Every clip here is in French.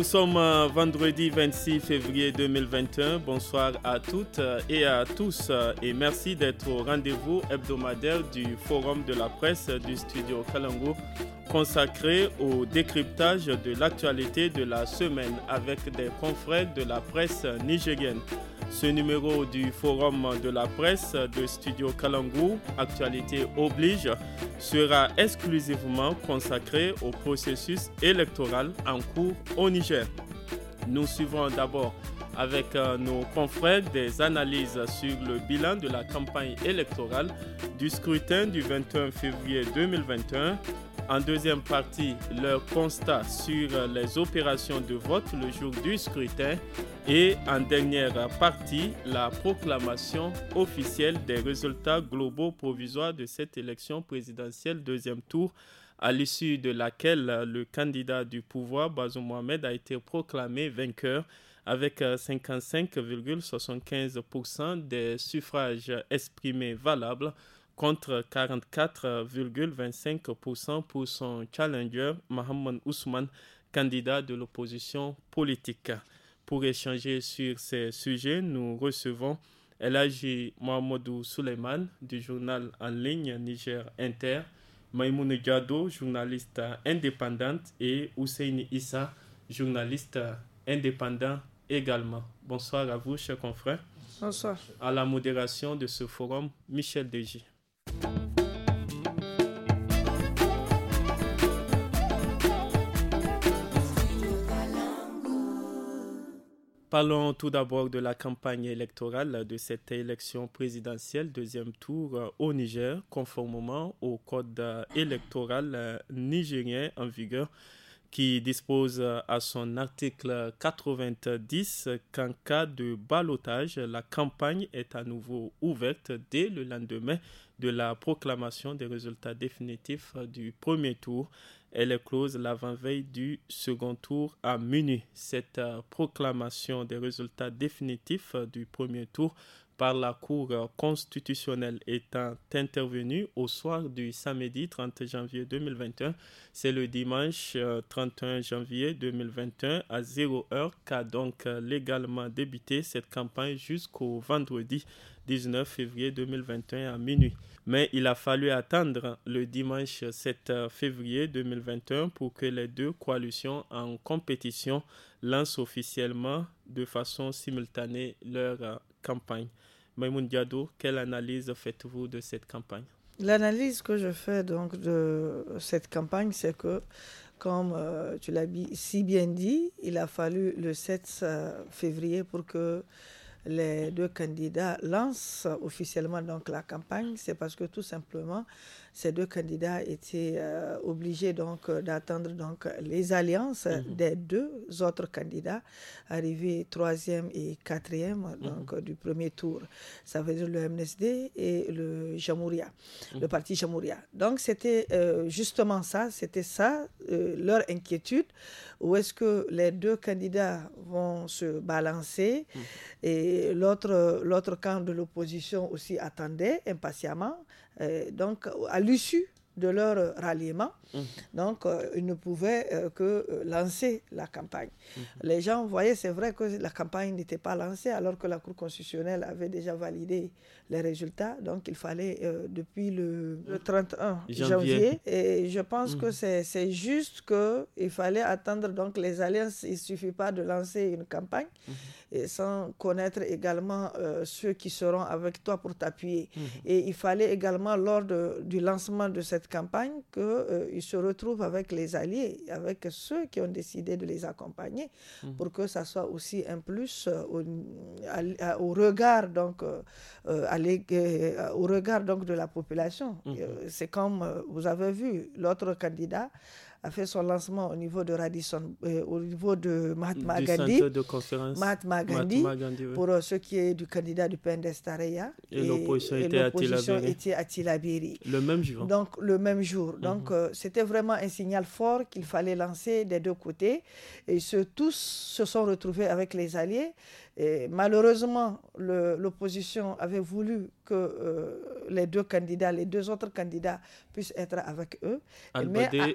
Nous sommes euh, vendredi 26 février 2021. Bonsoir à toutes euh, et à tous euh, et merci d'être au rendez-vous hebdomadaire du Forum de la presse du studio Kalango consacré au décryptage de l'actualité de la semaine avec des confrères de la presse nigérienne. Ce numéro du Forum de la presse de Studio Kalangou, Actualité oblige, sera exclusivement consacré au processus électoral en cours au Niger. Nous suivons d'abord avec euh, nos confrères des analyses sur le bilan de la campagne électorale du scrutin du 21 février 2021. En deuxième partie, leur constat sur euh, les opérations de vote le jour du scrutin. Et en dernière partie, la proclamation officielle des résultats globaux provisoires de cette élection présidentielle deuxième tour à l'issue de laquelle euh, le candidat du pouvoir, Bazoum Mohamed, a été proclamé vainqueur avec 55,75% euh, des suffrages exprimés valables contre 44,25% pour son challenger Mohamed Ousmane, candidat de l'opposition politique. Pour échanger sur ces sujets, nous recevons Elagi Mohamedou Souleyman du journal en ligne Niger Inter. Maïmoune Gado, journaliste indépendante, et Hussein Issa, journaliste indépendant également. Bonsoir à vous, chers confrères. Bonsoir. À la modération de ce forum, Michel Deji. Parlons tout d'abord de la campagne électorale de cette élection présidentielle deuxième tour euh, au Niger, conformément au code euh, électoral euh, nigérien en vigueur qui dispose à son article 90 qu'en cas de balotage, la campagne est à nouveau ouverte dès le lendemain de la proclamation des résultats définitifs du premier tour. Elle est close l'avant-veille du second tour à minuit. Cette euh, proclamation des résultats définitifs euh, du premier tour par la Cour constitutionnelle étant intervenue au soir du samedi 30 janvier 2021. C'est le dimanche 31 euh, janvier 2021 à 0 heure qu'a donc euh, légalement débuté cette campagne jusqu'au vendredi 19 février 2021 à minuit. Mais il a fallu attendre le dimanche 7 euh, février 2021 pour que les deux coalitions en compétition lancent officiellement de façon simultanée leur campagne. Maïmoun Diado, quelle analyse faites-vous de cette campagne L'analyse que je fais donc de cette campagne, c'est que, comme euh, tu l'as si bien dit, il a fallu le 7 euh, février pour que les deux candidats lancent officiellement donc la campagne. C'est parce que tout simplement, ces deux candidats étaient euh, obligés donc euh, d'attendre donc les alliances mhm. des deux autres candidats arrivés troisième et quatrième mhm. donc euh, du premier tour. Ça veut dire le MNSD et le Jamouria, mhm. le parti Jamouria. Donc c'était justement ça, c'était ça leur inquiétude. Où est-ce que les deux candidats vont se balancer et l'autre l'autre camp de l'opposition aussi attendait impatiemment euh, donc, à l'issue de leur ralliement. Mmh. Donc, euh, ils ne pouvaient euh, que euh, lancer la campagne. Mmh. Les gens voyaient, c'est vrai que la campagne n'était pas lancée alors que la Cour constitutionnelle avait déjà validé les résultats. Donc, il fallait depuis le, 31 janvier. Et je pense mmh. que c'est juste qu'il fallait attendre donc les alliances. Il ne suffit pas de lancer une campagne et sans connaître également ceux qui seront avec toi pour t'appuyer. Et il fallait également, lors du lancement de cette campagne qu'ils euh, se retrouvent avec les alliés, avec ceux qui ont décidé de les accompagner, mmh. pour que ça soit aussi un plus euh, au, regard donc euh, au regard donc de la population. Mmh. C'est comme vous avez vu l'autre candidat a fait son lancement au niveau de Radisson, euh, au niveau de Mahatma Gandhi. Pour euh, ce qui est du candidat du PNDS Et, l'opposition était, à Tilabiri. Le même jour. Donc, le même jour. Mhm. Donc, euh, c'était vraiment un signal fort qu'il fallait lancer des deux côtés. Et ce, tous se sont retrouvés avec les alliés malheureusement, l'opposition avait voulu que euh, les deux candidats, les deux autres candidats puissent être avec eux. Albadé mais,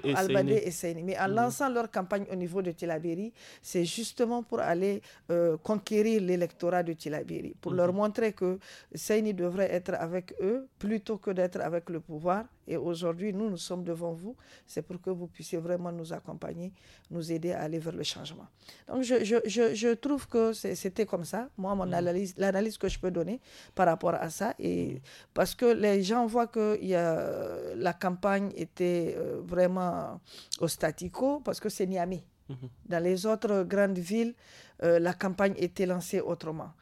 et, Mais en mm. lançant leur campagne au niveau de Tilabiri, c'est justement pour aller euh, conquérir l'électorat de Tilabiri, pour leur mm-hmm. montrer que Seyni devrait être avec eux plutôt que d'être avec le pouvoir. Et aujourd'hui, nous, nous sommes devant vous. C'est pour que vous puissiez vraiment nous accompagner, nous aider à aller vers le changement. Donc, je trouve que c'était comme ça. Moi, mon mm. analyse, l'analyse que je peux donner par rapport à ça, et parce que les gens voient que y a, euh, la campagne était euh, vraiment au statico, parce que c'est Niamey. Mm-hmm. Dans les autres grandes villes, euh, la campagne était lancée autrement.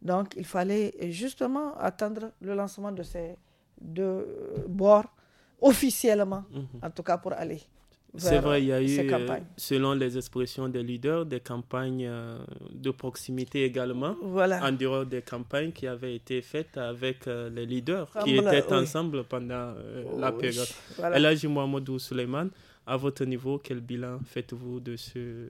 Donc, il fallait justement attendre le lancement de ces deux bords officiellement, mm-hmm. en tout cas pour aller. C'est vrai, il y a eu, euh, selon les expressions des leaders, des campagnes euh, de proximité également, en dehors des campagnes qui avaient été faites avec euh, les leaders qui étaient ensemble pendant oh, la période. Et là, Mohamedou Suleiman, à votre niveau, quel bilan faites-vous de ce,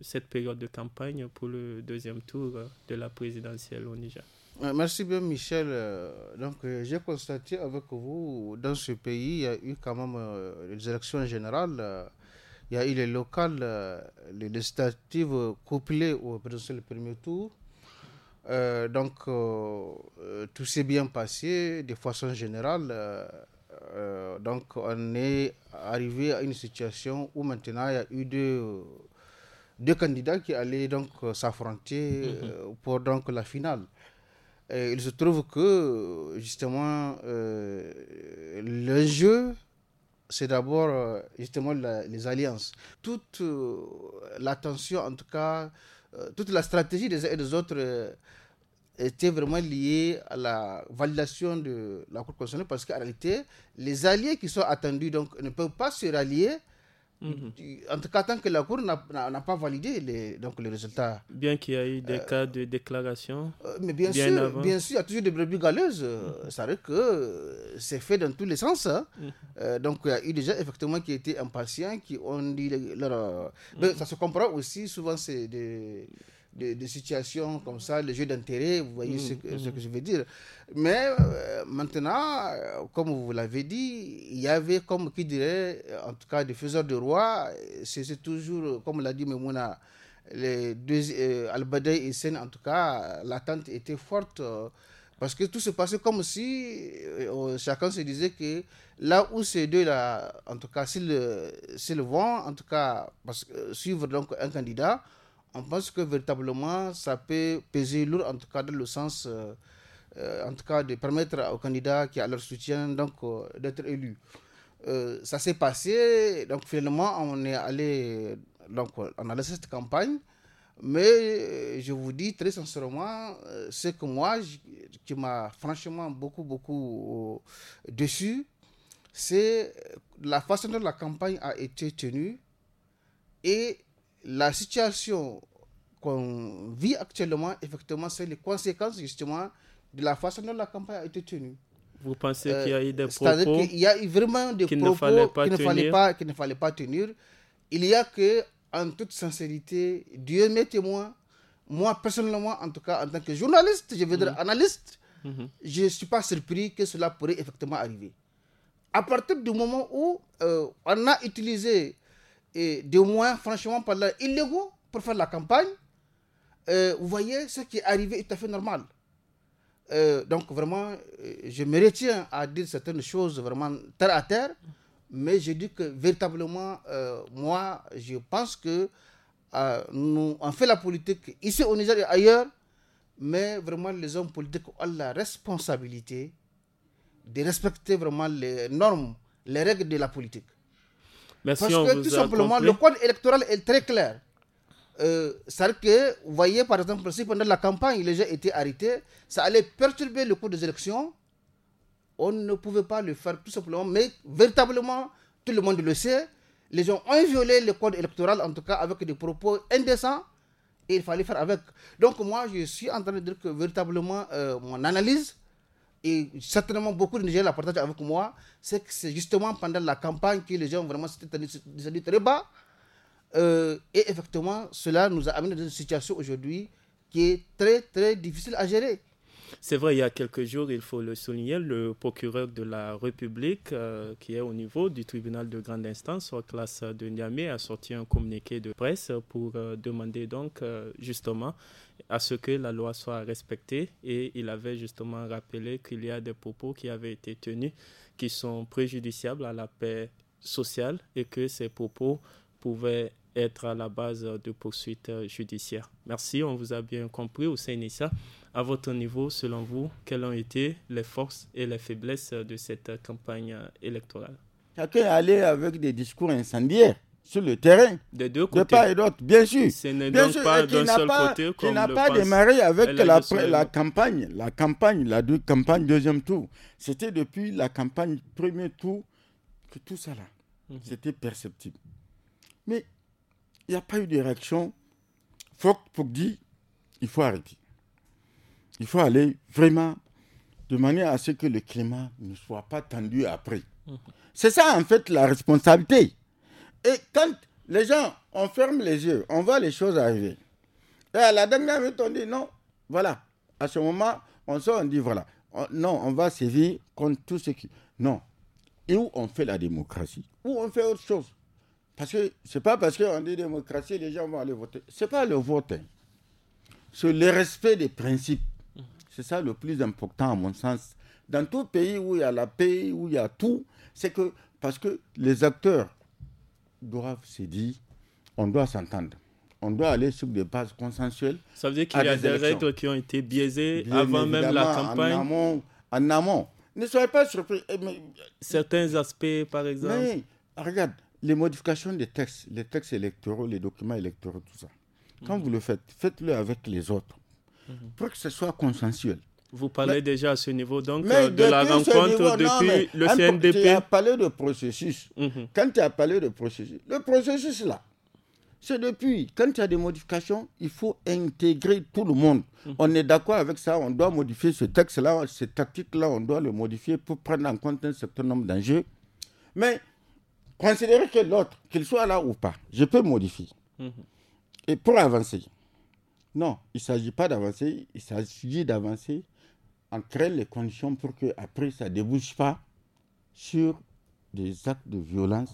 cette période de campagne pour le deuxième tour de la présidentielle au Niger euh, merci bien, Michel. Euh, donc, euh, j'ai constaté avec vous, dans ce pays, il y a eu quand même les élections générales, il y a eu les locales, les législatives couplées au présidentiel premier tour. donc, tout s'est bien passé de façon générale. donc, on est arrivé à une situation où maintenant il y a eu deux, candidats qui allaient donc s'affronter mm-hmm. pour donc la finale. Euh, il se trouve que justement euh, le jeu c'est d'abord euh, justement les alliances. Toute l'attention, en tout cas, toute la stratégie des uns et des autres était vraiment liée à la validation de la Cour constitutionnelle parce qu'en réalité, les alliés qui sont attendus donc, ne peuvent pas se rallier Mhm. En tout cas, tant que la Cour n'a pas validé les, donc les résultats. Bien qu'il y ait eu des euh, cas de déclaration. Euh, mais bien, sûr, bien sûr, il y a toujours des brebis galeuses. C'est euh, mhm. vrai que c'est fait dans tous les sens. Hein. Mhm. donc il y a eu des gens effectivement qui étaient impatients, qui ont dit leur. Mais ça se comprend aussi, souvent c'est des de, situations comme ça, le jeu d'intérêt, vous voyez mm. ce, mm. que, je veux dire. Mais euh, maintenant, euh, comme vous l'avez dit, il y avait comme qui dirait, euh, en tout cas, des faiseurs de roi, c'est toujours, comme l'a dit Memouna, les deux, al badei et Sen, en tout cas, l'attente était forte. parce que tout se passait comme si chacun se disait que là où ces deux-là, en tout cas, s'ils vont, en tout cas, parce que suivre donc un candidat, on pense que véritablement, ça peut peser lourd, en tout cas dans le sens, euh, euh, en tout cas, de permettre aux candidats qui a leur soutien donc euh, d'être élus. ça s'est passé, donc finalement, on est allé, donc on a laissé cette campagne. Mais je vous dis très sincèrement, ce que moi, qui m'a franchement beaucoup, beaucoup déçu, c'est la façon dont la campagne a été tenue et la situation qu'on vit actuellement, effectivement, c'est les conséquences justement de la façon dont la campagne a été tenue. Vous pensez euh, qu'il y a eu des propos qu'il y a eu vraiment des propos qu'il ne, fallait pas ne fallait pas tenir. Il y a que, en toute sincérité, Dieu m'est témoin. Moi personnellement, en tout cas, en tant que journaliste, je veux dire mm-hmm. analyste, mm-hmm. je ne suis pas surpris que cela pourrait effectivement arriver. À partir du moment où euh, on a utilisé et de moins franchement, par là, illégaux pour faire la campagne, euh, vous voyez ce qui est arrivé est tout à fait normal. Euh, donc vraiment, euh, je me retiens à dire certaines choses vraiment terre à terre, mais je dis que véritablement, moi, je pense que nous, on fait la politique ici au Niger et ailleurs, mais vraiment les hommes politiques ont la responsabilité de respecter vraiment les normes, les règles de la politique. Parce que tout simplement, le code électoral est très clair. Euh, c'est-à-dire que, vous voyez, par exemple, si pendant la campagne, les gens étaient arrêtés, ça allait perturber le cours des élections. On ne pouvait pas le faire tout simplement, mais véritablement, tout le monde le sait, les gens ont violé le code électoral, en tout cas avec des propos indécents, et il fallait faire avec. Donc moi, je suis en train de dire que véritablement, euh, mon analyse, et certainement beaucoup de gens la partagent avec moi, c'est que c'est justement pendant la campagne que les gens vraiment s'étaient très bas. Euh, et effectivement, cela nous a amené dans une situation aujourd'hui qui est très, très difficile à gérer. C'est vrai, il y a quelques jours, il faut le souligner, le procureur de la République, euh, qui est au niveau du tribunal de grande instance, en classe de Niamey, a sorti un communiqué de presse pour euh, demander donc euh, justement à ce que la loi soit respectée. Et il avait justement rappelé qu'il y a des propos qui avaient été tenus qui sont préjudiciables à la paix sociale et que ces propos pouvaient être à la base de poursuites euh, judiciaires. Merci, on vous a bien compris au CNSA. À votre niveau, selon vous, quelles ont été les forces et les faiblesses de cette campagne électorale Chacun est allé avec des discours incendiaires sur le terrain. Des deux côtés. De part et d'autre, bien sûr. Ce n'est pas d'un seul côté comme n'a pas démarré avec la, campagne, la campagne, la deux, campagne deuxième tour. C'était depuis la campagne premier tour que tout ça là, mhm. c'était perceptible. Mais il n'y a pas eu de réaction, Faut pour dire il faut arrêter. Il faut aller vraiment de manière à ce que le climat ne soit pas tendu après. Mhm. C'est ça en fait la responsabilité. Et quand les gens, on ferme les yeux, on voit les choses arriver. Et à la dernière minute, on dit non, voilà. À ce moment, on sort, on dit voilà. non, on va sévir contre tout ce qui. Non. Et où on fait la démocratie, où on fait autre chose. Parce que c'est pas parce qu'on dit démocratie, les gens vont aller voter. C'est pas le vote. Hein. C'est le respect des principes. C'est ça le plus important à mon sens. Dans tout pays où il y a la paix, où il y a tout, c'est que parce que les acteurs doivent se dire, on doit s'entendre on doit aller sur des bases consensuelles. Ça veut dire qu'il y a des, règles qui ont été biaisées avant même la campagne. En amont, Ne soyez pas surpris. Eh, Certains aspects, par exemple. regarde, les modifications des textes, les textes électoraux, les documents électoraux, tout ça, quand vous le faites, faites-le avec les autres mhm. pour que ce soit consensuel. Vous parlez déjà à ce niveau donc euh, de la rencontre depuis le CNDP. Tu as parlé de processus. Mhm. Quand tu as parlé de processus, le processus là, c'est depuis. Quand il y a des modifications, il faut intégrer tout le monde. Mhm. On est d'accord avec ça, on doit modifier ce texte-là, cette tactique là on doit le modifier pour prendre en compte un certain nombre d'enjeux. Mais considérer que l'autre, qu'il soit là ou pas, je peux modifier. Mhm. Et pour avancer. Non, il ne s'agit pas d'avancer, il s'agit d'avancer en créant les conditions pour que après ça ne débouche pas sur des actes de violence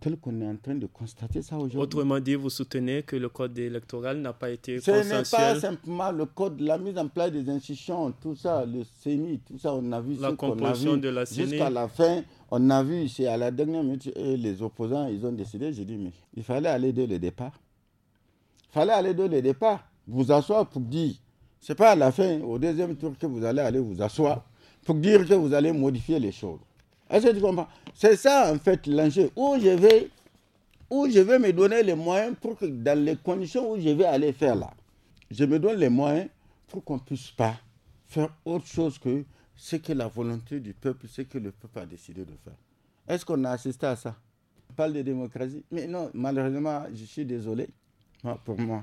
tel qu'on est en train de constater ça aujourd'hui. Autrement dit, vous soutenez que le code électoral n'a pas été Ce Ce n'est pas simplement le code, la mise en place des institutions, tout ça, le CENI, tout ça, on a vu la qu'on de la CENI. Jusqu'à la fin, on a vu, c'est à la dernière minute, les opposants, ils ont décidé, j'ai dit, mais il fallait aller dès le départ. Il fallait aller dès le départ, vous asseoir pour dire, c'est pas à la fin, au deuxième tour que vous allez aller vous asseoir, pour dire que vous allez modifier les choses. Est-ce que tu comprends C'est ça, en fait, l'enjeu. Où je vais où je vais me donner les moyens pour que dans les conditions où je vais aller faire là, je me donne les moyens pour qu'on ne puisse pas faire autre chose que ce que la volonté du peuple, ce que le peuple a décidé de faire. Est-ce qu'on a assisté à ça On parle de démocratie, mais non, malheureusement, je suis désolé pour moi.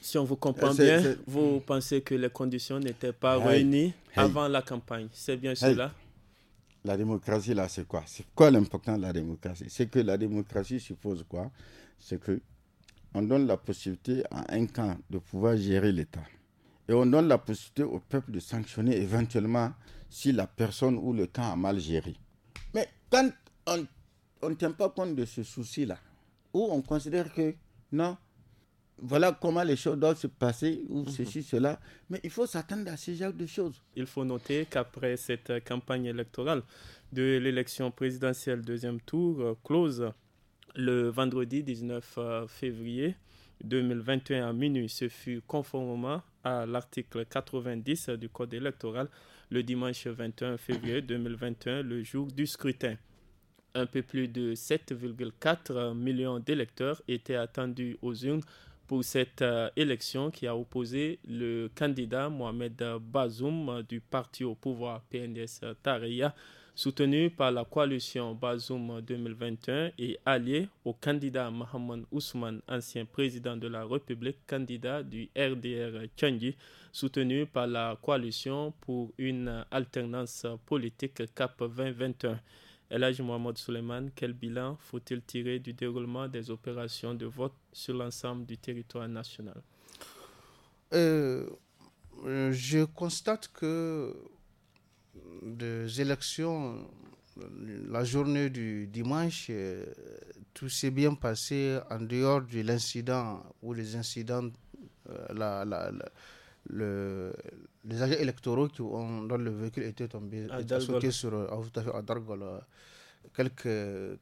Si on vous comprend bien, vous pensez que les conditions n'étaient pas réunies avant la campagne, c'est bien cela la démocratie, là, c'est quoi C'est quoi l'important de la démocratie C'est que la démocratie suppose quoi C'est que on donne la possibilité à un camp de pouvoir gérer l'État. Et on donne la possibilité au peuple de sanctionner éventuellement si la personne ou le camp a mal géré. Mais quand on ne tient pas compte de ce souci-là, ou on considère que non, voilà comment les choses doivent se passer, ou mhm. ceci, cela. Mais il faut s'attendre à ce genre de choses. Il faut noter qu'après cette campagne électorale de l'élection présidentielle deuxième tour euh, close le vendredi 19 euh, février 2021 à minuit. Ce fut conformément à l'article 90 du Code électoral le dimanche 21 février 2021, le jour du scrutin un peu plus de 7,4 millions d'électeurs étaient attendus aux urnes pour cette euh, élection qui a opposé le candidat Mohamed Bazoum du parti au pouvoir PNS Tareya, soutenu par la coalition Bazoum 2021 et allié au candidat Mohamed Ousmane, ancien président de la République, candidat du RDR Tchangi, soutenu par la coalition pour une alternance politique CAP 2021. Elhaj Mohamed Suleiman, quel bilan faut-il tirer du déroulement des opérations de vote sur l'ensemble du territoire national euh, Je constate que des élections, la journée du dimanche, euh, tout s'est bien passé en dehors de l'incident ou les incidents, euh, le, les agents électoraux qui ont, dont le véhicule était tombé, sur, à fait, à Dargol, euh, quelques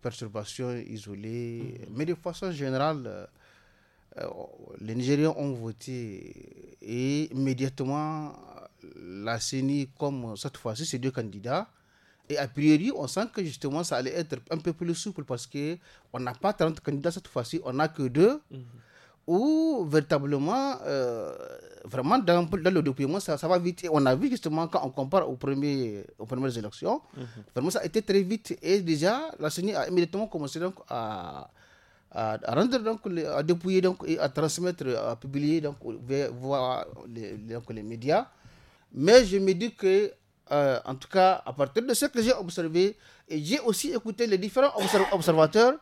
perturbations isolées. Mm. Mais de façon générale, euh, euh, les Nigériens ont voté et immédiatement, la CENI, comme cette fois-ci, ces deux candidats, et a priori, on sent que justement, ça allait être un peu plus souple parce qu'on n'a pas 30 candidats cette fois-ci, on n'a que deux. Mm-hmm où véritablement, euh, vraiment, dans, le document, ça, va vite. Et on a vu justement, quand on compare aux, premier aux premières élections, mhm. vraiment, ça a été très vite. Et déjà, la CENI a immédiatement commencé donc, à, à, rendre, donc, à dépouiller donc, et à transmettre, à publier donc, voir les, donc, les médias. Mais je me dis que euh, en tout cas, à partir de ce que j'ai observé, et j'ai aussi écouté les différents observateurs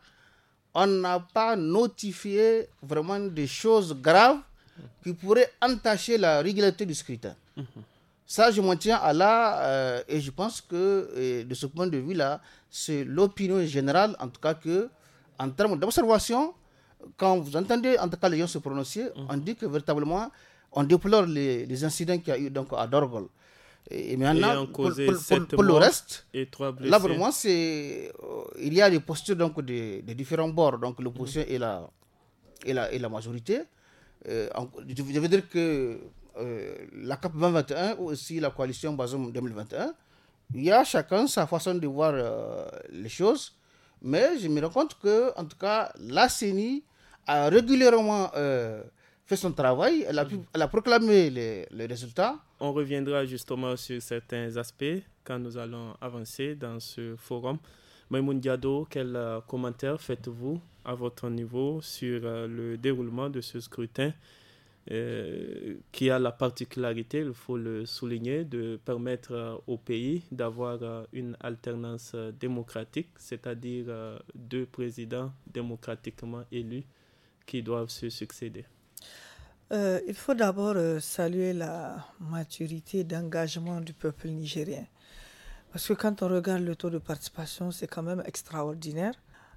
on n'a pas notifié vraiment des choses graves qui pourraient entacher la régularité du scrutin. Ça, je m'en tiens à là, euh, et je pense que de ce point de vue-là, c'est l'opinion générale, en tout cas, que en termes d'observation, quand vous entendez en tout cas les gens se prononcer, on dit que véritablement, on déplore les, incidents qu'il y a eu donc, à Dorgol. Et maintenant, pour, le reste, et là pour moi, c'est, euh, il y a des postures donc, des, des différents bords, donc l'opposition mhm. et, la, et, et la majorité. Euh, je veux dire que euh, la CAP 2021 ou aussi la coalition Bazoum 2021, il y a chacun sa façon de voir euh, les choses, mais je me rends compte que, en tout cas, la CENI a régulièrement fait son travail, elle a, mhm. proclamé les, résultats. On reviendra justement sur certains aspects quand nous allons avancer dans ce forum. Maïmoun Diado, quel euh, commentaire faites-vous à votre niveau sur euh, le déroulement de ce scrutin euh, qui a la particularité, il faut le souligner, de permettre au pays d'avoir une alternance démocratique, c'est-à-dire deux présidents démocratiquement élus qui doivent se succéder euh, il faut d'abord euh, saluer la maturité d'engagement du peuple nigérien. Parce que quand on regarde le taux de participation, c'est quand même extraordinaire.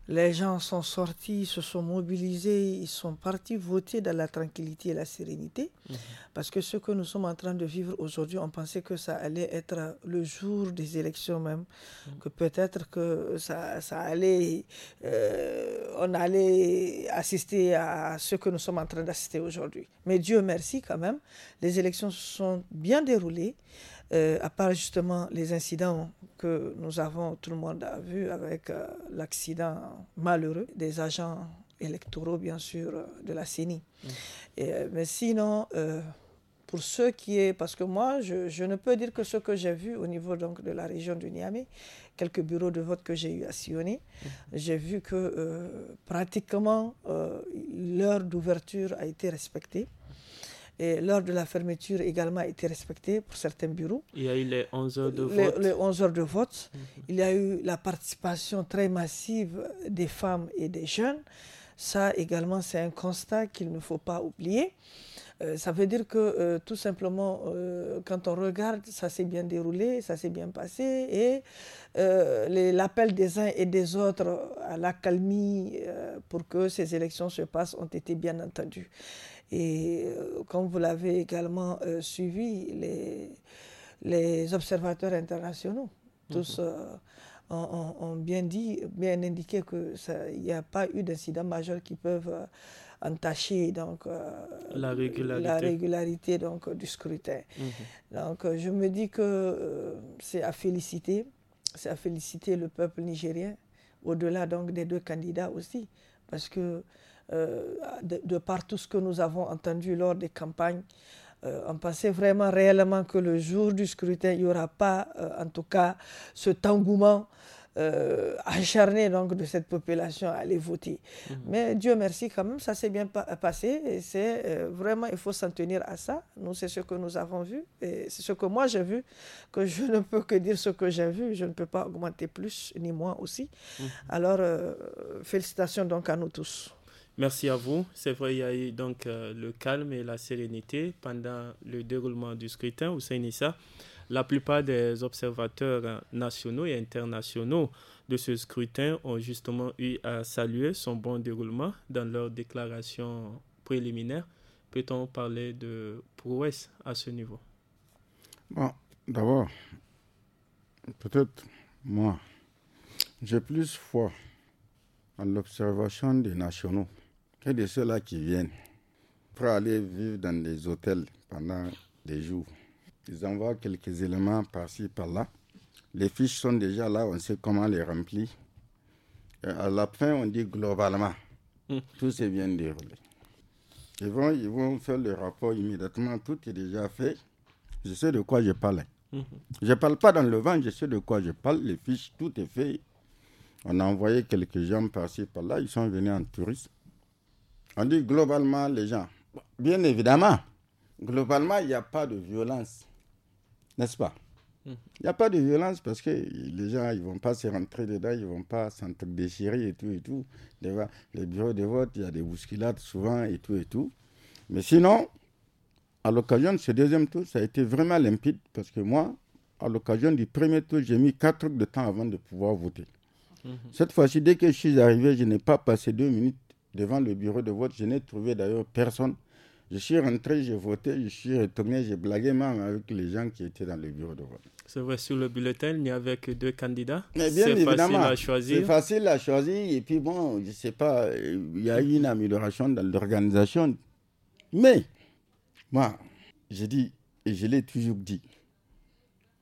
Les gens sont sortis, se sont mobilisés, ils sont partis voter dans la tranquillité et la sérénité. Mhm. Parce que ce que nous sommes en train de vivre aujourd'hui, on pensait que ça allait être le jour des élections même, mhm. que peut-être que ça, allait, euh, on allait assister à ce que nous sommes en train d'assister aujourd'hui. Mais Dieu merci quand même, les élections se sont bien déroulées. Euh, à part justement les incidents que nous avons, tout le monde a vu avec euh, l'accident malheureux des agents électoraux, bien sûr, euh, de la CENI. Mm. mais sinon, pour ce qui est, parce que moi, je, ne peux dire que ce que j'ai vu au niveau donc, de la région du Niamey, quelques bureaux de vote que j'ai eu à sillonner, mm. j'ai vu que pratiquement l'heure d'ouverture a été respectée et l'heure de la fermeture également a été respectée pour certains bureaux. Il y a eu les 11 heures de vote. 11 heures de vote. Il y a eu la participation très massive des femmes et des jeunes. Ça également, c'est un constat qu'il ne faut pas oublier. Euh, ça veut dire que euh, tout simplement, euh, quand on regarde, ça s'est bien déroulé, ça s'est bien passé, et l'appel des uns et des autres à la calmie pour que ces élections se passent ont été bien entendus. Et euh, comme vous l'avez également euh, suivi, les, les, observateurs internationaux, mhm. tous euh, ont, bien dit, bien indiqué qu'il n'y a pas eu d'incident majeur qui peuvent entacher donc, la régularité, donc, du scrutin. Mhm. Donc je me dis que c'est à féliciter, c'est à féliciter le peuple nigérien, au-delà donc des deux candidats aussi, parce que euh, de, par tout ce que nous avons entendu lors des campagnes, on euh, pensait vraiment réellement que le jour du scrutin, il n'y aura pas, euh, en tout cas, cet engouement acharné donc de cette population à aller voter. Mmh. Mais Dieu merci quand même, ça s'est bien passé. Et c'est vraiment, il faut s'en tenir à ça. Nous, c'est ce que nous avons vu et c'est ce que moi j'ai vu. Que je ne peux que dire ce que j'ai vu. Je ne peux pas augmenter plus ni moi aussi. Mmh. Alors, félicitations donc à nous tous. Merci à vous. C'est vrai, il y a eu donc euh, le calme et la sérénité pendant le déroulement du scrutin au Sénissa. La plupart des observateurs euh, nationaux et internationaux de ce scrutin ont justement eu à saluer son bon déroulement dans leur déclaration préliminaire. Peut-on parler de prouesse à ce niveau d'abord, peut-être moi, j'ai plus foi en l'observation des nationaux et de ceux-là qui viennent pour aller vivre dans des hôtels pendant des jours. Ils envoient quelques éléments par-ci, par-là. Les fiches sont déjà là, on sait comment les remplir. à la fin, on dit globalement, hmm. tout se bien déroulé. Ils vont, ils vont faire le rapport immédiatement, tout est déjà fait. Je sais de quoi je parle. Hmm. Je ne parle pas dans le vent, je sais de quoi je parle. Les fiches, tout est fait. On a envoyé quelques gens par-ci, par-là. Ils sont venus en tourisme. On dit globalement les gens. Bien évidemment, globalement, il n'y a pas de violence. N'est-ce pas hmm. Il n'y a pas de violence parce que les gens, ils ne vont pas se rentrer dedans, ils ne vont pas s'entre-déchirer et tout et tout. Les bureaux de vote, il y a des bousculades souvent et tout et tout. Mais sinon, à l'occasion de ce deuxième tour, ça a été vraiment limpide parce que moi, à l'occasion du premier tour, j'ai mis quatre heures de temps avant de pouvoir voter. Hmm. Cette fois-ci, dès que je suis arrivé, je n'ai pas passé deux minutes devant le bureau de vote. Je n'ai trouvé d'ailleurs personne. Je suis rentré, j'ai voté, je suis retourné, j'ai blagué même avec les gens qui étaient dans le bureau de vote. C'est vrai, sur le bulletin, il n'y avait que deux candidats. C'est facile à choisir. C'est facile à choisir. Et puis bon, je ne sais pas, il y a eu une amélioration dans l'organisation. Mais, moi, j'ai dit, et je l'ai toujours dit,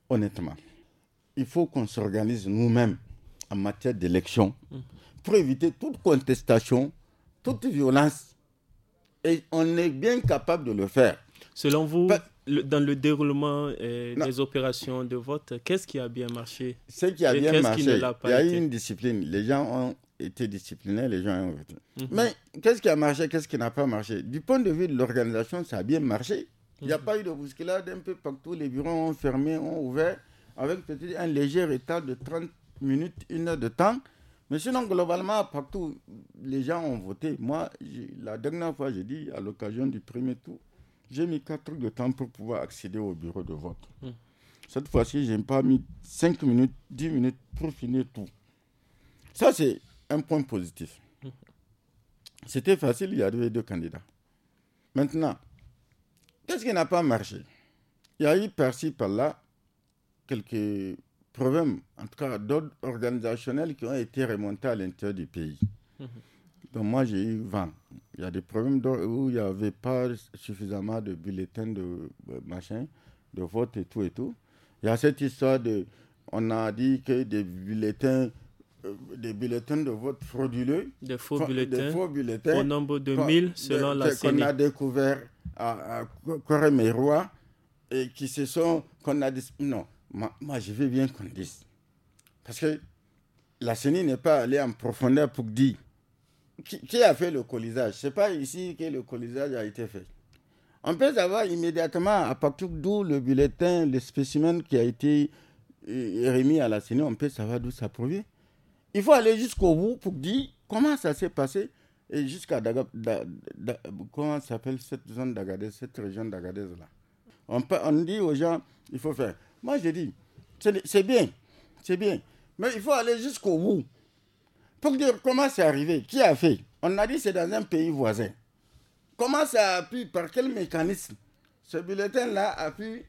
honnêtement, il faut qu'on s'organise nous-mêmes en matière d'élection mhm. pour éviter toute contestation toute violence. Et on est bien capable de le faire. Selon vous, dans le déroulement euh, des opérations de vote, qu'est-ce qui a bien marché Ce qui a bien marché, il y a eu une discipline. Les gens ont été disciplinés, les gens ont voté. Mhm. Mais qu'est-ce qui a marché, qu'est-ce qui n'a pas marché Du point de vue de l'organisation, ça a bien marché. Il n'y a mhm. pas eu de bousculade un peu partout. Les bureaux ont fermé, ont ouvert, avec peut-être un léger retard de 30 minutes, une heure de temps. Mais sinon, globalement, partout, les gens ont voté. Moi, la dernière fois, j'ai dit, à l'occasion du premier tour, j'ai mis quatre trucs de temps pour pouvoir accéder au bureau de vote. Hmm. Cette fois-ci, je n'ai pas mis 5 minutes, 10 minutes pour finir tout. Ça, c'est un point positif. Hmm. C'était facile, il y avait deux candidats. Maintenant, qu'est-ce qui n'a pas marché Il y a eu par-ci, par-là, quelques problèmes, en tout cas d'ordre organisationnel, qui ont été remontés à l'intérieur du pays. Mhm. Donc moi, j'ai eu 20. Il y a des problèmes où il n'y avait pas suffisamment de bulletins de euh, machin, de vote et tout et tout. Il y a cette histoire de... On a dit que des bulletins euh, des bulletins de vote frauduleux. Des faux, bulletins, des Au nombre de 1000 selon la CENI. Qu'on a découvert à, à et qui se sont. qu'on a. Non, moi, je veux bien qu'on dise. Parce que la CENI n'est pas allée en profondeur pour dire qui, a fait le colisage. Ce n'est pas ici que le colisage a été fait. On peut savoir immédiatement à partir d'où le bulletin, le spécimen qui a été euh, remis à la CENI, on peut savoir d'où ça provient. Il faut aller jusqu'au bout pour dire comment ça s'est passé et jusqu'à comment s'appelle cette zone d'Agadez, cette région d'Agadez là. On, on dit aux gens, il faut faire. Moi, je dis, c'est bien, c'est bien. Mais il faut aller jusqu'au bout pour dire comment c'est arrivé, qui a fait. On a dit c'est dans un pays voisin. Comment ça a pu, par quel mécanisme ce bulletin-là a pu,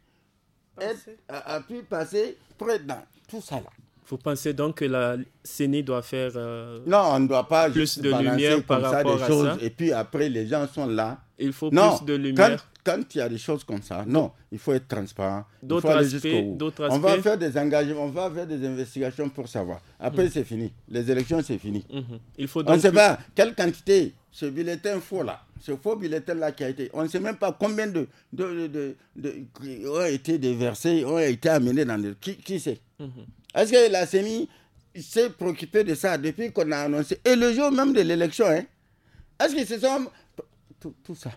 a, pu passer près de tout ça là. Vous pensez donc que la CENI doit faire euh, non, on ne doit pas plus juste de lumière par rapport des à choses, ça. Et puis après, les gens sont là. Il faut plus de lumière quand il y a des choses comme ça, non, il faut être transparent. D'autres aspects, On va faire des engagements, on va faire des investigations pour savoir. Après, mm. c'est fini. Les élections, c'est fini. Mm-hmm. Il faut on ne sait pas quelle quantité ce bulletin faux-là, ce faux bulletin-là qui a été. On ne sait même pas combien de, de, de, ont été déversés, ont été amenés dans le. Qui, sait mm-hmm. Est-ce que la CENI s'est préoccupée de ça depuis qu'on a annoncé Et le jour même de l'élection, hein, est-ce que ce sont. tout ça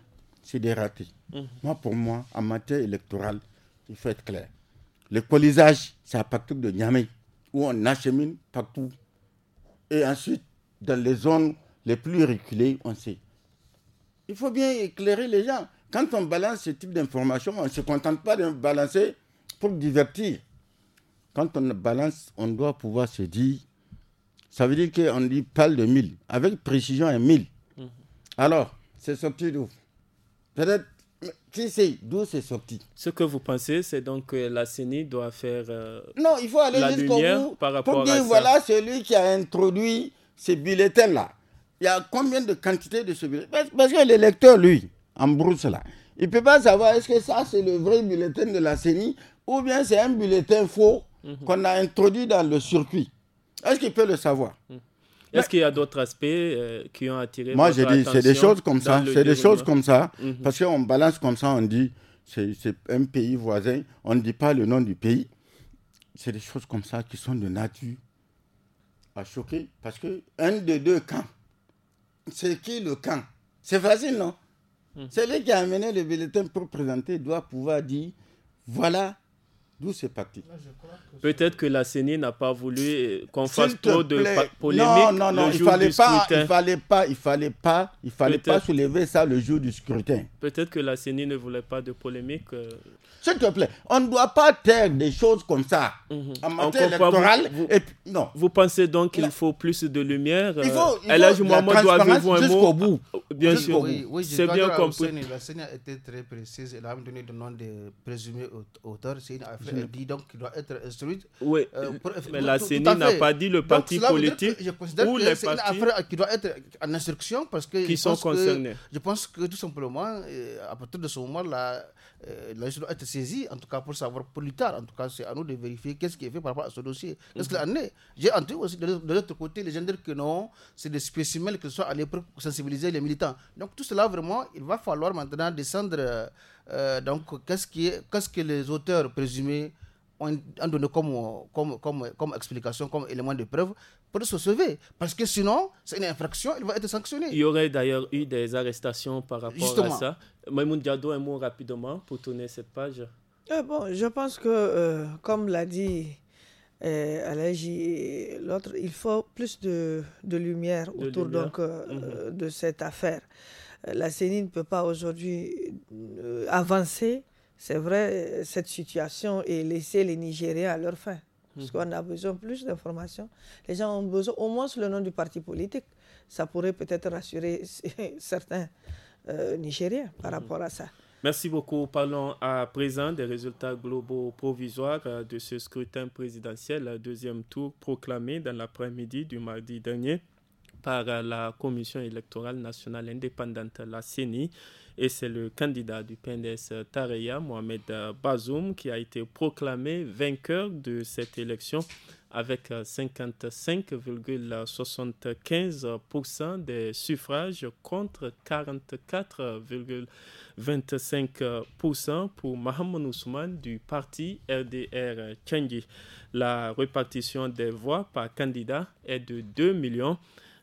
c'est des ratés. Hum. Moi, pour moi, en matière électorale, il faut être clair. Le colisage, c'est à partir de Niamey, où on achemine partout. Et ensuite, dans les zones les plus reculées, on sait. Il faut bien éclairer les gens. Quand on balance ce type d'informations, on ne se contente pas de balancer pour divertir. Quand on balance, on doit pouvoir se dire, ça veut dire qu'on dit parle de mille, avec précision un 1000. Hum. Alors, c'est sorti d'où peut-être tu sais d'où c'est sorti. Ce que vous pensez, c'est donc que la CENI doit faire. Euh, non, il faut aller jusqu'au bout par rapport pour dire à voilà celui qui a introduit ce bulletins-là. Il y a combien de quantités de ce bulletin Parce que l'électeur, lui, en brousse là, il ne peut pas savoir est-ce que ça c'est le vrai bulletin de la CENI ou bien c'est un bulletin faux mhm. qu'on a introduit dans le circuit. Est-ce qu'il peut le savoir mhm. Est-ce ben, qu'il y a d'autres aspects euh, qui ont attiré Moi, j'ai dit, c'est des choses comme ça. C'est des choses comme ça. Parce qu'on balance comme ça, on dit, c'est un pays voisin, on ne dit pas le nom du pays. C'est des choses comme ça qui sont de nature à choquer. Parce que un des deux camps, c'est qui le camp C'est facile, non mhm. Celui qui a amené le bulletin pour présenter doit pouvoir dire, voilà D'où c'est parti. Peut-être que la CENI n'a pas voulu euh, qu'on fasse trop de polémiques. Non, non, non, le jour il fallait il fallait pas, il fallait pas, il fallait pas soulever ça le jour du scrutin. Peut-être que la CENI ne voulait pas de polémique. Euh. S'il te plaît, on ne doit pas taire des choses comme ça mhm. en Vous, non. vous pensez donc qu'il faut plus de lumière Il euh, faut, il la transparence jusqu'au bout. Bien sûr, c'est bien compris. La CENI a été très précise. Elle a donné le nom des présumés auteurs. C'est une affaire euh, donc qui doit être Oui, euh, mais la CENI n'a pas dit le parti politique je les partis qui doit être en instruction parce que sont concernés. je pense que tout simplement, euh, à partir de ce moment-là, la justice doit être saisie, en tout cas pour savoir plus tard. En tout cas, c'est à nous de vérifier qu'est-ce qui est fait par rapport à ce dossier. Parce ce mm J'ai entendu aussi de l'autre côté les gens dire que non, c'est des spécimens que sont soit à l'épreuve pour sensibiliser les militants. Donc tout cela, vraiment, il va falloir maintenant descendre. Euh, donc, qu'est-ce qu'est-ce que les auteurs présumés ont, donné comme, comme, comme, comme, explication, comme élément de preuve pour se sauver Parce que sinon, c'est une infraction, il va être sanctionné. Il y aurait d'ailleurs eu des arrestations par rapport à ça. Maïmoun Diado, un mot rapidement pour tourner cette page. Euh, bon, je pense que, euh, comme l'a dit euh, l'autre, il faut plus de, lumière autour Donc, mhm. de cette affaire. Euh, la CENI ne peut pas aujourd'hui euh, avancer, c'est vrai, cette situation et laisser les Nigériens à leur fin. Parce mhm. qu'on a besoin plus d'informations. Les gens ont besoin au moins sur le nom du parti politique. Ça pourrait peut-être rassurer certains euh, Nigériens par mhm. rapport à ça. Merci beaucoup. Parlons à présent des résultats globaux provisoires de ce scrutin présidentiel, deuxième tour proclamé dans l'après-midi du mardi dernier par la Commission électorale nationale indépendante, la CENI. Et c'est le candidat du PNDS Tareya, Mohamed euh, Bazoum, qui a été proclamé vainqueur de cette élection avec 55,75% euh, des suffrages contre 44,25% pour Mohamed Ousmane du parti RDR Tchangi. La répartition des voix par candidat est de 2 millions.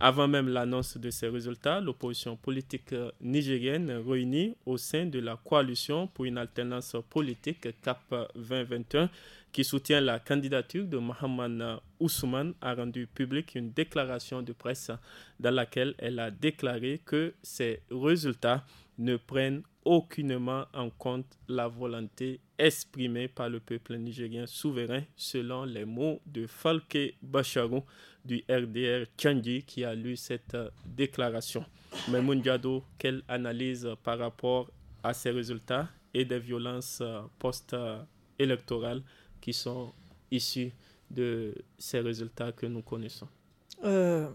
Avant même l'annonce de ces résultats, l'opposition politique euh, nigérienne réunie au sein de la coalition pour une alternance politique CAP 2021 qui soutient la candidature de Mohamed Ousmane a rendu publique une déclaration de presse dans laquelle elle a déclaré que ces résultats ne prennent aucunement en compte la volonté exprimée par le peuple nigérien souverain, selon les mots de Falke Bacharou du RDR Tchandji qui a lu cette euh, déclaration. Mais Mundiado, quelle analyse par rapport à ces résultats et des violences euh, post-électorales qui sont issues de ces résultats que nous connaissons euh,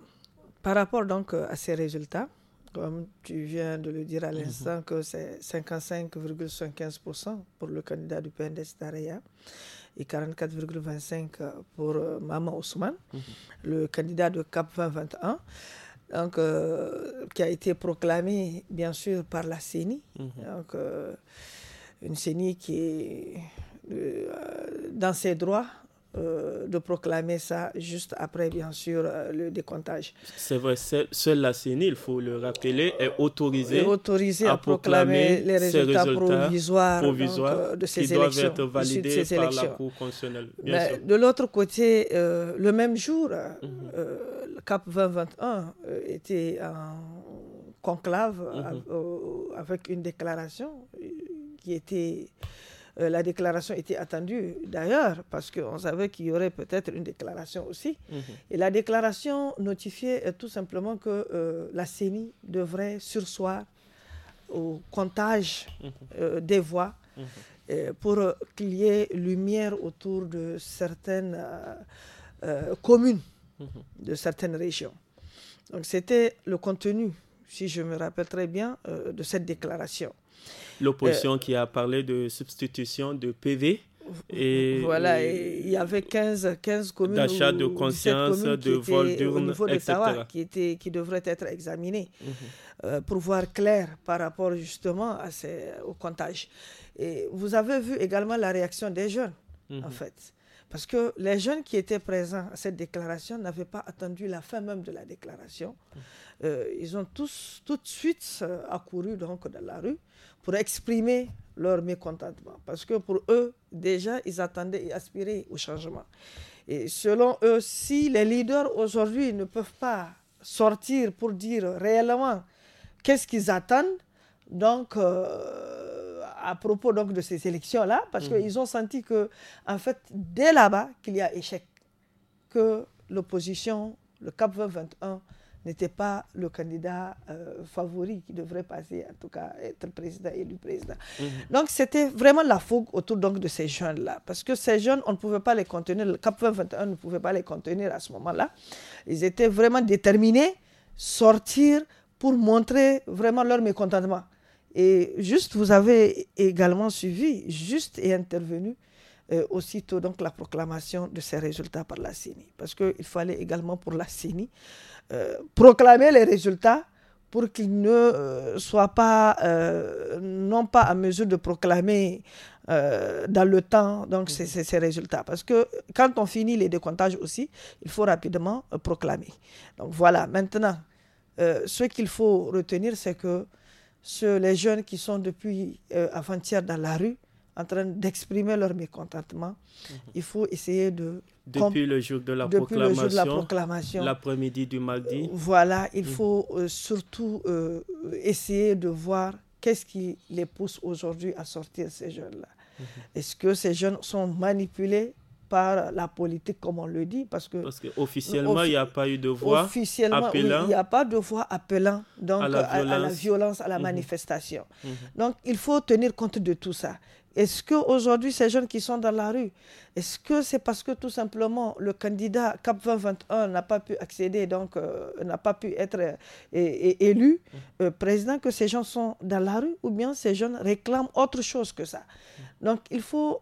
Par rapport donc à ces résultats, comme tu viens de le dire à mhm. l'instant, que c'est 55,15% pour le candidat du PND, Dareya et 44,25% pour Maman Ousmane, mhm. le candidat de CAP 2021, donc, euh, qui a été proclamé, bien sûr, par la CENI. Mhm. Euh, une CENI qui est euh, dans ses droits euh, de proclamer ça juste après, bien sûr, euh, le décomptage. C'est vrai, seule la CENI, il faut le rappeler, est autorisée, à, proclamer, les résultats, provisoires, euh, de ces qui élections. doivent être validés par la Cour constitutionnelle. Mais de l'autre côté, le même jour, mhm. le CAP 2021 était en conclave mhm. avec une déclaration qui était euh, la déclaration était attendue d'ailleurs, parce qu'on savait qu'il y aurait peut-être une déclaration aussi. Mhm. Et la déclaration notifiait euh, tout simplement que euh, la CENI devrait sursoir au comptage mhm. des voix mhm. pour qu'il y ait lumière autour de certaines communes, de certaines régions. Donc c'était le contenu, si je me rappelle très bien, de cette déclaration. Euh, L'opposition qui a parlé de substitution de PV. Et voilà, il y avait 15, 15 communes. D'achat de conscience, de vol d'urne, etc. Qui, était, qui devraient être examinées mhm. euh, pour voir clair par rapport justement à ces, au comptage. Et vous avez vu également la réaction des jeunes, en mhm. fait. Parce que les jeunes qui étaient présents à cette déclaration n'avaient pas attendu la fin même de la déclaration. Mhm. Euh, ils ont tous tout de suite accouru donc dans la rue pour exprimer leur mécontentement. Parce que pour eux, déjà, ils attendaient et aspiraient au changement. Et selon eux, si les leaders aujourd'hui ne peuvent pas sortir pour dire réellement qu'est-ce qu'ils attendent, donc euh, à propos donc de ces élections là parce mmh. qu'ils ont senti que en fait dès là-bas qu'il y a échec que l'opposition le Cap 2021 n'était pas le candidat euh, favori qui devrait passer, en tout cas être président, élu président. Mhm. Donc c'était vraiment la fougue autour donc, de ces jeunes-là, parce que ces jeunes, on ne pouvait pas les contenir, le CAP 21 ne pouvait pas les contenir à ce moment-là. Ils étaient vraiment déterminés sortir pour montrer vraiment leur mécontentement. Et juste, vous avez également suivi, juste et intervenu euh, aussitôt donc la proclamation de ces résultats par la CENI. Parce qu'il fallait également pour la CENI euh, proclamer les résultats pour qu'ils ne euh, soient pas, non pas à mesure de proclamer dans le temps donc mhm. ces, résultats. Parce que quand on finit les décomptages aussi, il faut rapidement proclamer. Donc voilà, maintenant, ce qu'il faut retenir, c'est que les jeunes qui sont depuis avant-hier dans la rue, en train d'exprimer leur mécontentement. Mhm. Il faut essayer de... Depuis le jour de la proclamation, l'après-midi du mardi. Euh, voilà, il mhm. faut euh, surtout euh, essayer de voir qu'est-ce qui les pousse aujourd'hui à sortir ces jeunes-là. Mhm. Est-ce que ces jeunes sont manipulés par la politique, comme on le dit, parce que... Parce qu'officiellement, il n'y a pas eu de voix officiellement, appelant... il n'y a pas de voix appelant donc, à, la violence, à, la, manifestation. Donc, il faut tenir compte de tout ça. Est-ce qu'aujourd'hui, ces jeunes qui sont dans la rue, est-ce que c'est parce que tout simplement le candidat CAP 2021 n'a pas pu accéder, donc euh, n'a pas pu être euh, élu mm. euh, président, que ces gens sont dans la rue ou bien ces jeunes réclament autre chose que ça mm. Donc il faut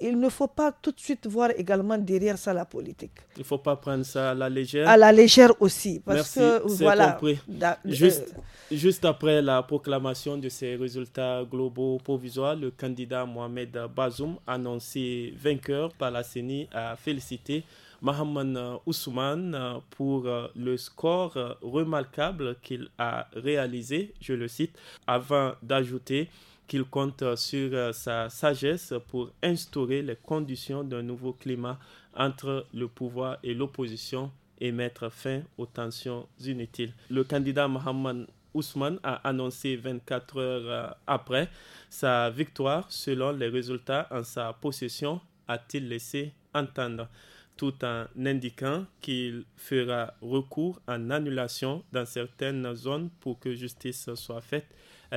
il ne faut pas tout de suite voir également derrière ça la politique. Il ne faut pas prendre ça à la légère. À la légère aussi, parce que voilà. Compris. juste, euh, juste après la proclamation de ces résultats globaux provisoires, le candidat Mohamed Bazoum, annoncé vainqueur par la CENI, a félicité Mohamed Ousmane pour euh, le score euh, remarquable qu'il a réalisé, je le cite, avant d'ajouter qu'il compte sur euh, sa sagesse pour instaurer les conditions d'un nouveau climat entre le pouvoir et l'opposition et mettre fin aux tensions inutiles. Le candidat Mohamed Ousmane a annoncé 24 heures euh, après sa victoire selon les résultats en sa possession, a-t-il laissé entendre, tout en indiquant qu'il fera recours en annulation dans certaines zones pour que justice soit faite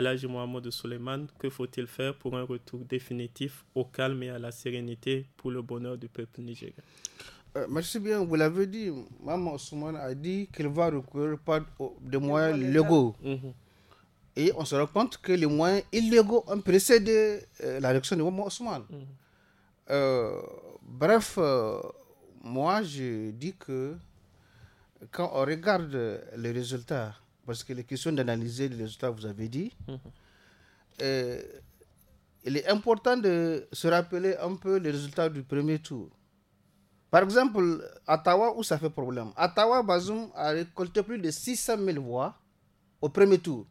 de Mohamed Soleiman, que faut-il faire pour un retour définitif au calme et à la sérénité pour le bonheur du peuple nigérian euh, Merci bien, vous l'avez dit, Maman Ousmane a dit qu'il va recourir par des moyens légaux. Mm-hmm. Et on se rend compte que les moyens illégaux ont précédé euh, la réaction de Maman Ousmane. Mm-hmm. Euh, bref, moi je dis que quand on regarde les résultats parce que les questions d'analyser les résultats, vous avez dit. Mm-hmm. Euh, il est important de se rappeler un peu les résultats du premier tour. Par exemple, Ottawa, où ça fait problème Ottawa, Bazoum a récolté plus de 600 000 voix au premier tour.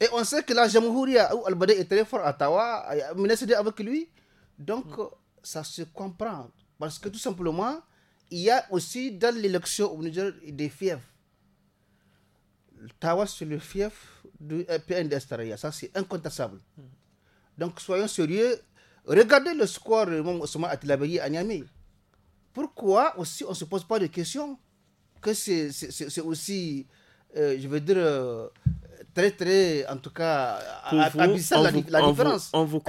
Et on sait que la Jamhouria, où al est très fort, Ottawa, euh, menacé avec lui. Donc, mm. ça se comprend. Parce que tout simplement, il y a aussi dans l'élection au Niger des fiefs. Tawas, c'est le fief du PND Staraya. Ça, c'est incontestable. Donc, soyons sérieux. Regardez le score de Ousmane à Pourquoi aussi on ne se pose pas de questions que c'est aussi, euh, je veux dire, euh, très, très, en tout cas, abyssal, la, différence. On vous,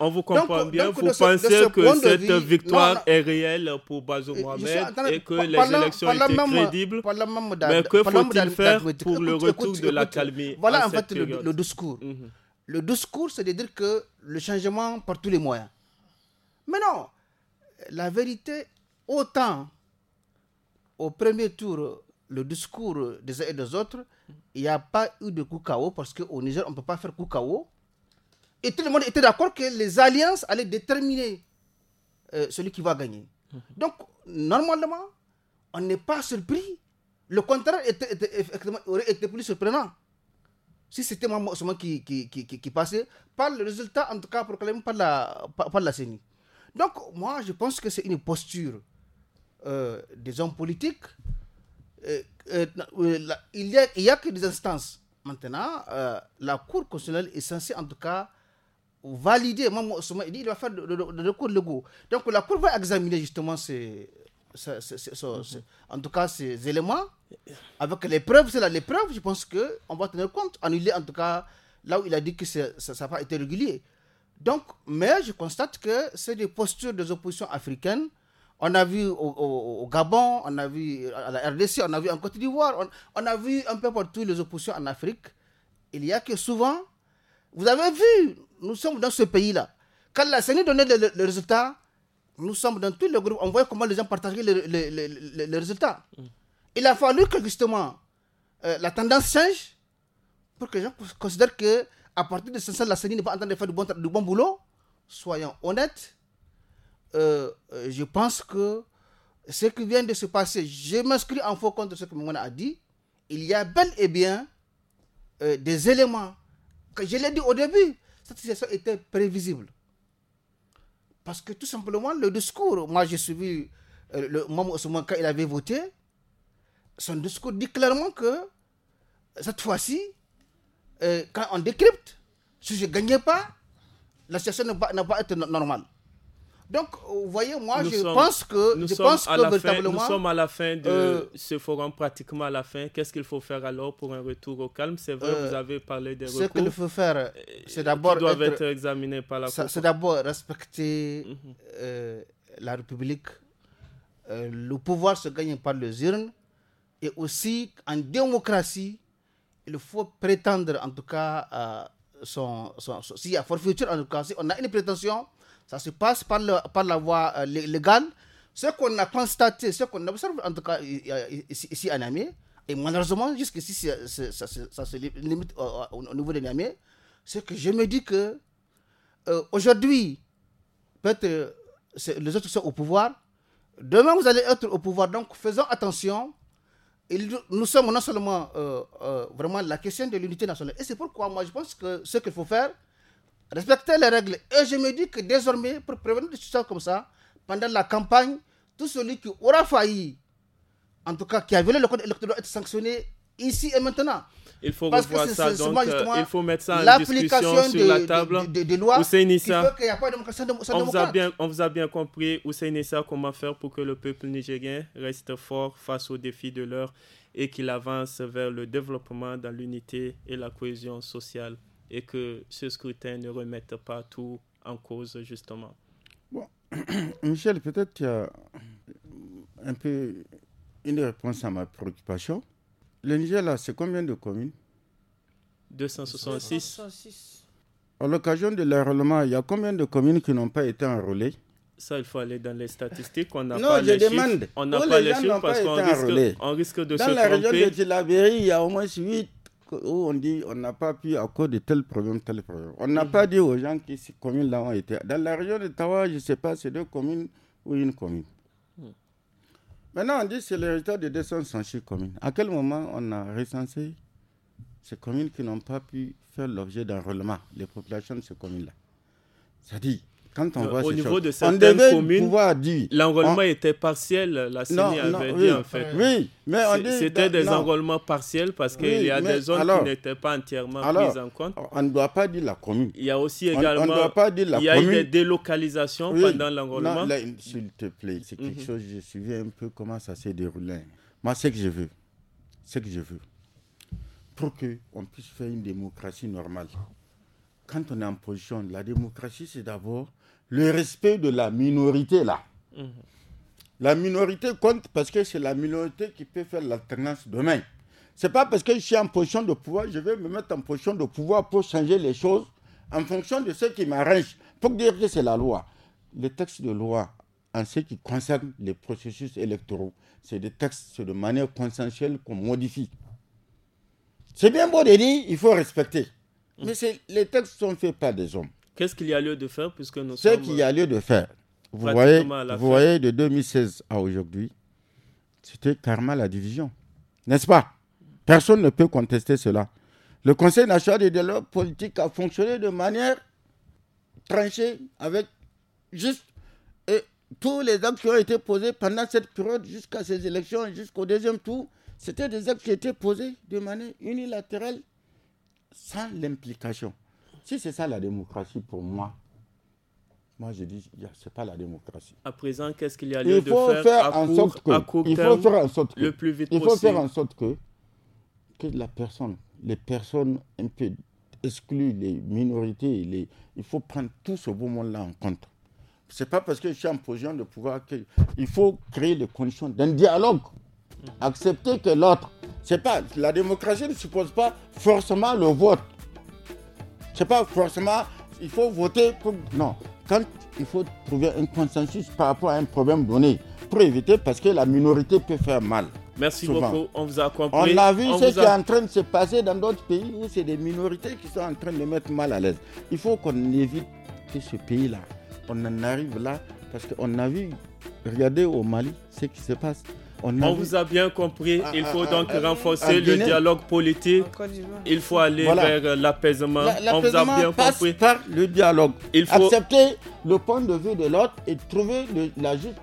On comprend bien. vous pensez que cette victoire est réelle pour Bazo euh, Mohamed et que les élections sont étaient euh, crédibles. mais que faut-il faire pour le retour de la calmie Voilà en fait le, discours. Mhm. Le discours, c'est de dire que le changement par tous les moyens. Mais non, la vérité, autant au premier tour, le discours des uns et des autres, il n'y a pas eu de coup KO parce qu'au Niger, on ne peut pas faire coup KO. Et tout le monde était d'accord que les alliances allaient déterminer euh, celui qui va gagner. Mhm. Donc, normalement, on n'est pas surpris. Le contraire était, aurait été plus surprenant. Si c'était moi, qui, qui, passait, par le résultat, en tout cas proclamé par la, la CENI. Donc, moi, je pense que c'est une posture euh, des hommes politiques euh, euh, euh, il n'y a, il y a que des instances. Maintenant, la Cour constitutionnelle est censée, en tout cas, valider. Moi, il dit il va faire le recours légaux. Donc, la Cour va examiner justement ces, en tout cas, ces éléments, avec les preuves, c'est les preuves, je pense qu'on va tenir compte, annuler en tout cas là où il a dit que ça n'a pas été régulier. Donc, mais je constate que c'est des postures des oppositions africaines on a vu au, Gabon, on a vu à la RDC, on a vu en Côte d'Ivoire, on, a vu un peu partout les oppositions en Afrique. Il y a que souvent, vous avez vu, nous sommes dans ce pays-là. Quand la CENI donnait le, résultat, nous sommes dans tous les groupes, on voyait comment les gens partageaient le, résultats. résultat. Mm. Il a fallu que justement euh, la tendance change pour que les gens considèrent que à partir de ce sens, la CENI n'est pas en train de faire du bon boulot. Soyons honnêtes euh, euh, je pense que ce qui vient de se passer, je m'inscris en faux contre ce que Mouna a dit. Il y a bel et bien euh, des éléments que je l'ai dit au début. Cette situation était prévisible. Parce que tout simplement, le discours, moi j'ai suivi le moment quand il avait voté, son discours dit clairement que cette fois-ci, quand on décrypte, si je ne gagnais pas, la situation ne va pas être normale. Donc, vous voyez, moi, je pense que, nous sommes à la fin, nous sommes à la fin de euh, ce forum, pratiquement à la fin. Qu'est-ce qu'il faut faire alors pour un retour au calme C'est vrai, vous euh, avez parlé des recours. Ce qu'il faut faire, euh, c'est d'abord doivent être, être examinés par la C'est d'abord respecter mhm. la République. le pouvoir se gagne par les urnes. Et aussi, en démocratie, il faut prétendre, en tout cas, à son, son, si à forfaiture, en tout cas, si on a une prétention ça se passe par, le, par la voie euh, légale. Ce qu'on a constaté, ce qu'on observe en tout cas ici, à Namé, et malheureusement jusqu'ici ça, se limite au, niveau de Namé, c'est que je me dis que euh, aujourd'hui, peut-être les autres sont au pouvoir, demain vous allez être au pouvoir, donc faisons attention. Et nous sommes non seulement euh, vraiment la question de l'unité nationale. Et c'est pourquoi moi je pense que ce qu'il faut faire, respecter les règles. Et je me dis que désormais, pour prévenir des situations comme ça, pendant la campagne, tout celui qui aura failli, en tout cas qui a violé le code électoral, doit être sanctionné ici et maintenant. Il faut ça, euh, il faut mettre ça en discussion sur la table. Des on, vous a bien, on vous a bien compris, Hussein comment faire pour que le peuple nigérien reste fort face aux défis de l'heure et qu'il avance vers le développement dans l'unité et la cohésion sociale et que ce scrutin ne remette pas tout en cause, justement. Bon, Michel, peut-être y a un peu une réponse à ma préoccupation. Le Niger, là, c'est combien de communes 266. 266. À l'occasion de l'enrôlement, il y a combien de communes qui n'ont pas été enrôlées ça, il faut aller dans les statistiques. On n'a pas je les demande. On n'a pas les, chiffres parce qu'on risque, risque, de se tromper. Dans la région de Tilabéry, il y a au moins 8 où on dit on n'a pas pu à cause de tel problème, tel problème. On n'a mhm. pas dit aux gens que ces communes-là ont été. Dans la région de Tawa, je ne sais pas, c'est deux communes ou une commune. Mhm. Maintenant, on dit c'est le résultat de 266 communes. À quel moment on a recensé ces communes qui n'ont pas pu faire l'objet d'un relement, les populations de ces communes là Ça dit. Quand on euh, voit au niveau de certaines communes, l'enrôlement était partiel, la CENI avait dit en fait. Oui, mais C'était des enrôlements partiels parce qu'il y a des zones qui n'étaient pas entièrement prises en compte. On ne doit pas dire la commune. Il y a aussi également. il y a des délocalisations pendant l'enrôlement. S'il te plaît, c'est quelque mhm. chose, je suivais un peu comment ça s'est déroulé. Moi, ce que je veux. C'est que je veux. Pour qu'on puisse faire une démocratie normale. Quand on est en position, la démocratie, c'est d'abord le respect de la minorité là. Mhm. La minorité compte parce que c'est la minorité qui peut faire l'alternance demain. C'est pas parce que je suis en position de pouvoir, je vais me mettre en position de pouvoir pour changer les choses en fonction de ce qui m'arrange. Pour dire que c'est la loi. Les textes de loi, en ce qui concerne les processus électoraux, c'est des textes de manière consensuelle qu'on modifie. C'est bien beau de dire, il faut respecter. Mais mm. les textes sont faits par des hommes. Qu'est-ce qu'il y a lieu de faire puisque Ce qu'il y a lieu de faire, vous voyez, vous voyez, de 2016 à aujourd'hui, c'était carrément la division, n'est-ce pas Personne ne peut contester cela. Le Conseil national de développement politique a fonctionné de manière tranchée, avec juste et tous les actes qui ont été posés pendant cette période jusqu'à ces élections, et jusqu'au deuxième tour, c'était des actes qui étaient posés de manière unilatérale, sans l'implication si c'est ça la démocratie pour moi, moi je dis, ce n'est pas la démocratie. À présent, qu'est-ce qu'il y a lieu de faire, à en sorte il faut faire en sorte que, le plus vite il faut faire en sorte que, que la personne, les personnes un peu exclues, les minorités, il faut prendre tout ce beau monde-là en compte. Ce n'est pas parce que je suis en position de pouvoir que, il faut créer les conditions d'un dialogue. Mhm. Accepter que l'autre, c'est pas la démocratie ne suppose pas forcément le vote. C'est pas forcément, il faut voter pour. Non. Quand il faut trouver un consensus par rapport à un problème donné, pour éviter, parce que la minorité peut faire mal. Merci beaucoup, on vous a compris. On a vu ce qui est en train de se passer dans d'autres pays où c'est des minorités qui sont en train de mettre mal à l'aise. Il faut qu'on évite que ce pays-là, on en arrive là, parce qu'on a vu, regardez au Mali, ce qui se passe. On, vous a bien compris. Ah, il ah, faut ah, donc renforcer le dialogue politique. Il faut aller vers euh, l'apaisement. on vous a bien compris. Par le dialogue. Il faut accepter le point de vue de l'autre et trouver la juste,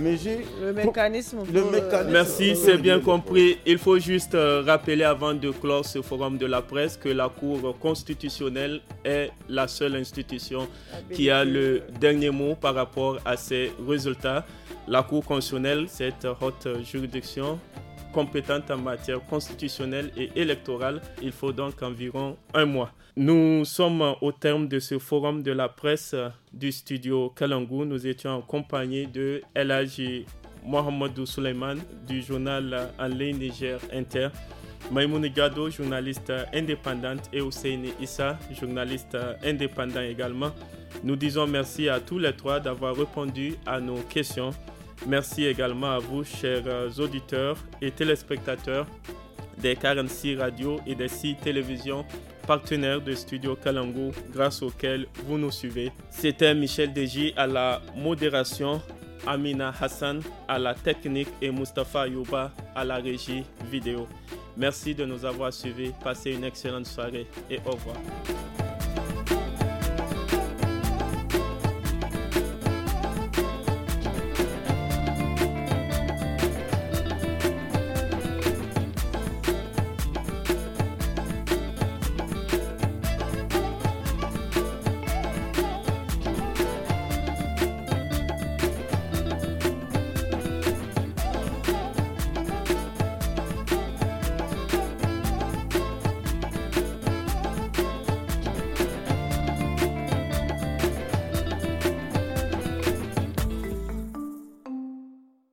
mesure. Le mécanisme. le euh, Merci, c'est bien compris. Il faut juste euh, rappeler avant de clore ce forum de la presse que la Cour constitutionnelle est la seule institution qui a le dernier mot par rapport à ces résultats. La Cour constitutionnelle, cette juridiction compétente en matière constitutionnelle et électorale. Il faut donc environ un mois. Nous sommes au terme de ce forum de la presse du studio Kalangou. Nous étions accompagnés de LAJ Mohamedou Souleyman du journal en ligne Niger Inter. Maïmouni Gado, journaliste indépendante, et Hussein Issa, journaliste indépendant également. Nous disons merci à tous les trois d'avoir répondu à nos questions. Merci également à vous, chers euh, auditeurs et téléspectateurs des 46 radios et des 6 télévisions partenaires de Studio Kalango grâce auxquels vous nous suivez. C'était Michel Deji à la modération, Amina Hassan à la technique et Mustapha Yuba à la régie vidéo. Merci de nous avoir suivis. Passez une excellente soirée et au revoir.